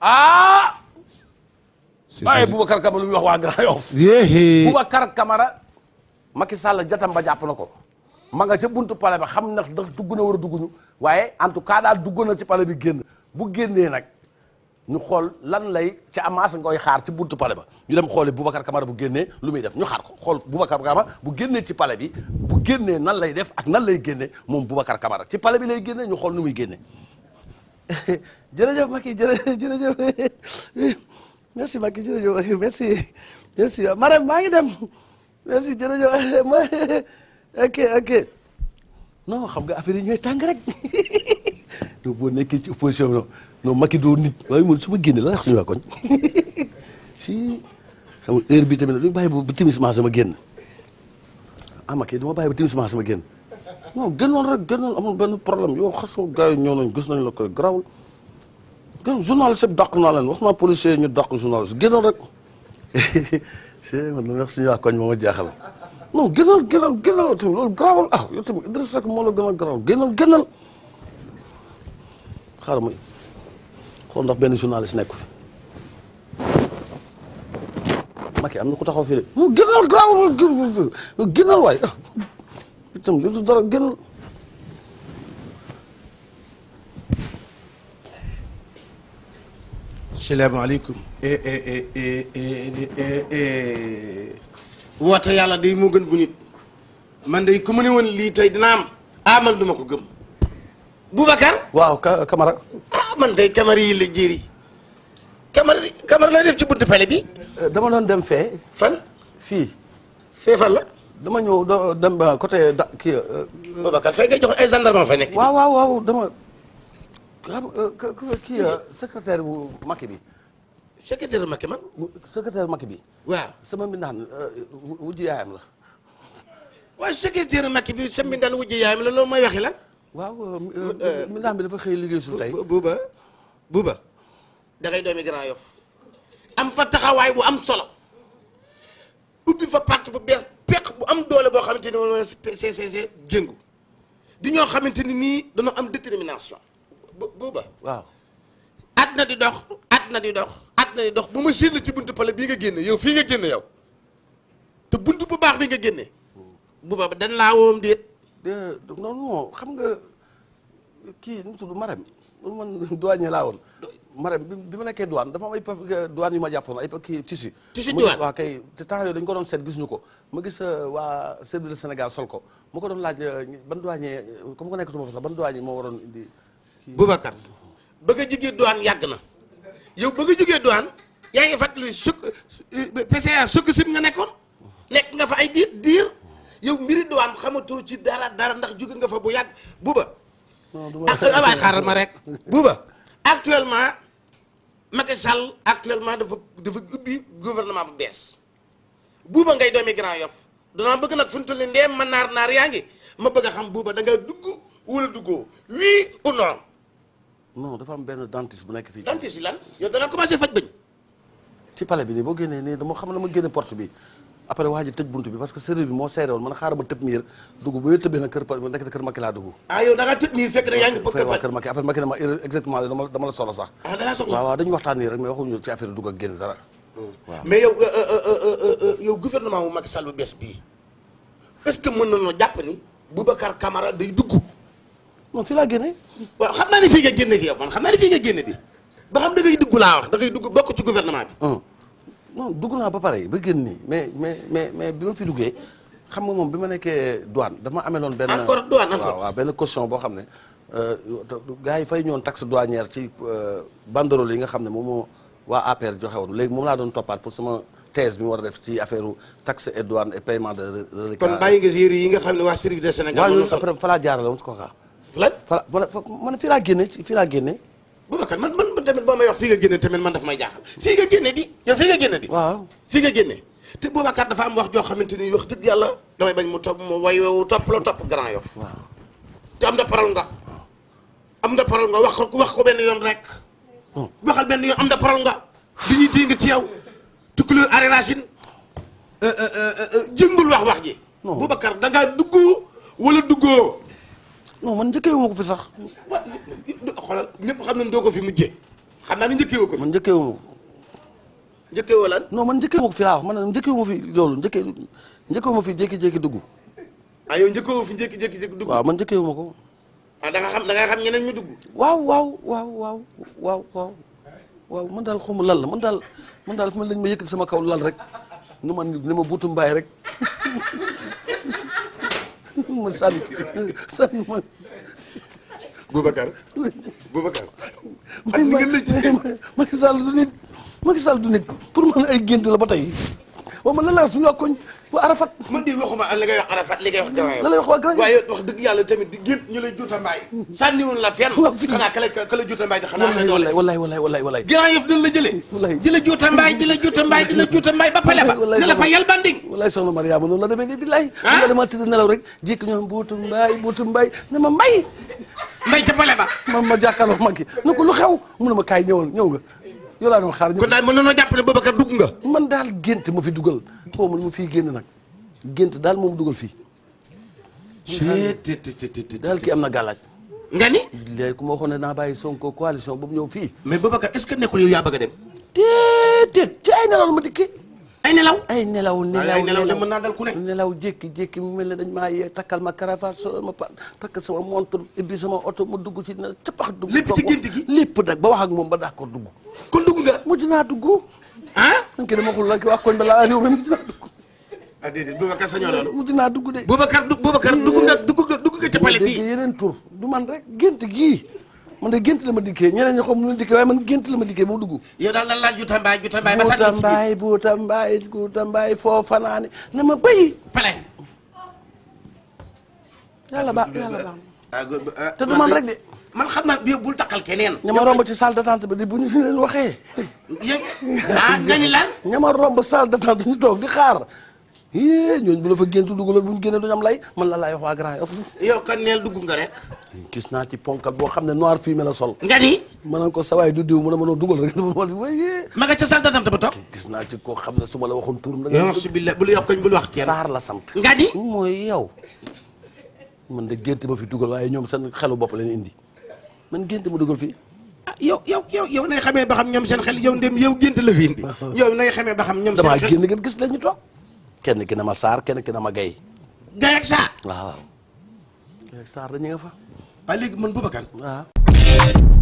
ah. waaye Boubacar Camara lu muy wax waa Grand Yoff. Boubacar Camara. Macky Sall jatam ba jàpp na ko. ma nga ca buntu pale ba xam ndax ndax dugg na war a waaye en tout cas daal dugg na ci pale bi génn bu génnee nag ñu xool lan lay ca amaas ngoy xaar ci buntu pale ba ñu dem xooli Boubacar Camara bu génnee lu muy def ñu xaar ko xool Boubacar Camara bu génnee ci pale bi bu génnee nan lay def ak nan lay génne moom Boubacar kamara ci pale bi lay génnee ñu xool nu muy génne jërëjëf Macky jërëjëf merci Macky jërëjëf merci merci Marème maa ngi dem merci jërëjëf ok ok non xam nga affaire yi ñooy tàng rek donc boo nekkee ci opposition non non Macky doo nit waaye man su ma génne la wax suñu waa koñ si xam nga heure bi tamit duñu ah, bàyyi ba timis ma sama génn ah Macky duma bàyyi ba timis ma sama génn. non génnoon rek génnoon benn problème yow xasul gars yi ñëw nañ gis nañ la koy garaawul gën journaliste yëpp dàq naa leen wax maa policier yi ñu dàq journaliste génnoon rek c'est man lu neex suñu waa koñ moo ma jaaxal non génnal génnal génnal tamit ah, gën a garaaw génnal ma xool ndax benn journaliste nekku fi Macky am ku taxaw fii de mu génnal garaawul génnal waay ah. tam li du dara gënul salaamaaleykum woote yàlla day moo gën bu man day ku mu ne woon lii tey dina am amal ah, duma ko gëm Boubacar waaw Camara ah man day Camara yi la jëri Camara Camara lay def ci buntu pale bi eh, dama doon dem fee fan fii fee fan la dama ñëw dem côté da kii. Euh, euh, Babacar Faye ay gendarme fa nekk. waaw waaw waaw dama xam euh, kii secrétaire bu Macky bi. secrétaire Macky man. secrétaire Macky bi. waaw sama mbindaan wujj yaayam la. waaw secrétaire Macky bi sama mbindaan wujj yaayam la loolu mooy waxi lan. waaw mbindaan bi dafa xëy liggéey su tey. buuba buuba da ngay doomi Grand Yoff am fa taxawaay bu am solo ubbi fa pàcc bu beer. peq bu am doole boo xamante ni moom CCC jëngu ñoo xamante ni nii dañoo am détermination booba waaw at na di dox at na di dox at na dox ba ma siir ci buntu pale bii nga génne yow fii nga génne yow te bu baax bi nga génne booba dañ laa woom déet xam nga kii nu mu tudd maram man douanier laa woon Marème bi ma nekkee douane dafa am ay euh, douane yu ma jàppoon ay kii tissu. tissu douane waaw kay te yooyu dañu ko doon seet gis ñu ko. ma gis euh, waa Séddale Sénégal sol ko ma ko doon laaj euh, ban douanier comme ko nekkatuma fa sax ban douanier moo waroon indi. Boubacar ba nga jógee douane yàgg na yow ba nga jógee douane yaa ngi fàttali sukk PCA sukk sim nga nekkoon nekk nga fa ay diir diir yow mbiri douane xamatoo ci dara dara ndax jóge nga fa bu yàgg buba. non du ma ah, ah, xaaral ma rek buba actuellement. Macky Sall actuellement dafa dafa ubbi gouvernement bu bees buuba ngay doomi Grand Yoff danaa bëgg nag fu ñu toll ndee ma naar naar yaa ngi ma bëgg a xam buuba da nga dugg wala duggoo oui ou non. non dafa am benn dentiste bu nekk fii. dentiste yi lan yow da nga commencé faj bañ. ci pale bi nii boo génnee nii dama xam ne ma génne porte bi. après waa ji tëj buntu bi parce que serrure bi moo seere woon man xaaral ma tëb miir dugg bu tëbee na kër pa nekk kër Macky laa dugg ah yow da nga tëb miir fekk na yaa ngi bëgg waa kër Macky après Macky ne ma exactement dama dama la soxla sax ah da la soxla waaw waaw dañu waxtaan nii rek mais waxuñu ci affaire dugg ak génn dara hmm. waaw mais yow euh, euh, euh, yow gouvernement bu Macky Sall bu bees bii est-ce que mën nañoo jàpp ni Boubacar Camara day dugg non fii laa génne waaw xam naa ne fii nga génne ki yow man xam naa ne fii nga génne bi ba xam da ngay dugg laa wax da ngay dugg bokk ci gouvernement bi hmm. non dugg naa ba pare ba génn nii mais mais mais mais bi ma fi duggee xam nga moom bi ma nekkee douane dama ameloon benn encore benn caution boo xam ne euh, gaa yi fay ñoon tax douanière ci euh, banderole yi nga xam ne moom moo waa APR joxe woon léegi moom laa doon toppaat pour sama thèse bi war a def ci affaire taxe et douane et paiement de reliquat bàyyi nga yi nga xam ne waa service Sénégal waaw après fa laa jaarale woon si kooka lan fa fa man fii laa génne fii laa génne tamit boo may wax fii nga génne tamit man daf may jaaxal fii nga génne di yow fii nga génne di waaw fii nga génne te Boubacar dafa am wax joo xamante ni wax dëgg yàlla damay bañ mu topp mu way wu topp topp Grand Yoff waaw te am da parole nga am da parole nga wax ko wax ko benn yoon rek oh. waxal benn yoon am da parole nga bi ñuy dégg ci yow tukulóor ari racine euh, euh, euh, jëngul wax wax ji Boubacar da ngaa dugg wala duggoo non man njëkkee wu ko fi sax xoolal ñëpp xam nañ doo ko fi mujjee xam naa ni njëkkee ko fi. man njëkkee wu ma njëkkee woo lan. non man njëkkee wu ma ko fi laa man njëkkee wu ma fi loolu njëkkee njëkkee wu ma fi jékki dugg. Ah, yow njëkkee wu fi jékki-jékki dugg. waaw njëkkee wu ko. ah da nga ñu dugg. waaw waaw waaw waaw man daal xaw ma lan la man daal fi ma lañ ma yëkkati sama kaw lal rek nu ma ni ma buutu mbaay rek ma sànni sànni ma. Boubacar Boubacar. ak li ngeen la gisee Macky Sall du nit Macky Sall du nit pour man ay gént la ba tey waaw man lan laa suñu waa koñ waa Arafat. man de waxuma li ngay wax Arafat li ngay wax Garaño. lan lay wax waa Garaño waaye wax dëgg yàlla tamit di gént ñu lay juuta mbaay. sànni woon la fenn. waaw fii xanaa ka la ka la juuta mbaay di xanaa. walaay walaay walaay walaay walaay. Garaño dañ la jëlee. walaay di la juuta mbaay di la juuta mbaay di la juuta mbaay ne la fa yal banding walaay soxna Mariama noonu la demee nii billaay la ah? dama tëdd nelaw rek jékki ñoom buutu mbaay buutu mbaay ne ma mbay mbay ca pale ba ma ma jàkkaarloo mag yi ko lu xew mu ne ma kaay ñëwal ñëw nga yow laa doon xaar kon daal mën na noo jàpp ne Babacar dugg nga man daal gént ma fi dugal xaw ma lu ma fii génn nag gént daal moom dugal fii daal kii am na gàllaaj nga ni léegi ku ma waxoon ne naa bàyyi Sonko coalition boobu ñëw fii mais Babacar est-ce que nekkul yow yaa bëgg a dem déedéet ci ay nelaw ay nelaw ay nelaw nelaw nelaw de mën naa dal ku nelaw jékki-jékki mu mel ne dañ maa takkal ma cravate solal ma pa takkal sama montre ibbi sama oto ma dugg ci ne capax dugg lépp ci gi lépp nag ba wax ak moom ba d'accord dugg kon dugg nga mujj naa dugg ah man ki dama xul la ki wax koñ ba laa réew mi mujj naa dugg ah déedéet Boubacar mujj naa dugg de Boubacar Boubacar dugg nga dugg nga dugg nga ca pale bi yeneen tur du man rek gént gii man de gént la ma dikkee ñeneen ñi xam nu dikkee waaye man gént la ma dikkee ba mu dugg yow daal lan laal juta mbaay juta mbaay ba sax juta mbaay buuta mbaay buuta mbaay foo fanaani na ma bayi pale yàlla la yàlla baax ah, ah, te du man rek de man xam naa bul takkal keneen ña ma romb ci salle d'attente bi di bu ñu leen waxee ah nga ni lan ña ma romb salle d'attente ñu toog di xaar yee ñooñu bu la fa géntu dugaloon bu ñu génnee duñu am lay man la laay wax waa grand yow kan neel dugg nga rek gis naa ci ponkal boo xam ne noir fumé la sol nga ni ma naan ko sawaay du diw mu ne ma noo dugal rek dafa wal waye ma nga ca saltatam ta gis naa ci koo xam ne su ma la waxoon turam da nga su billa bul yokkañ bul wax kenn saar la sant nga ni mooy yow man de gént ma fi dugal waaye ñoom seen xelu bopp leen indi man gént ma dugal fii ah, yow yow yow yow nay xamee ba xam ñoom seen xel yow ndem yow gént la fi indi yow nay xamee ba xam ñoom seen xel damaa génn ngeen gis la ñu toog kenn ki na ma saar kenn ki na ma gay. gay sa saar. waaw waaw. nga fa. waaye léegi man Boubacar.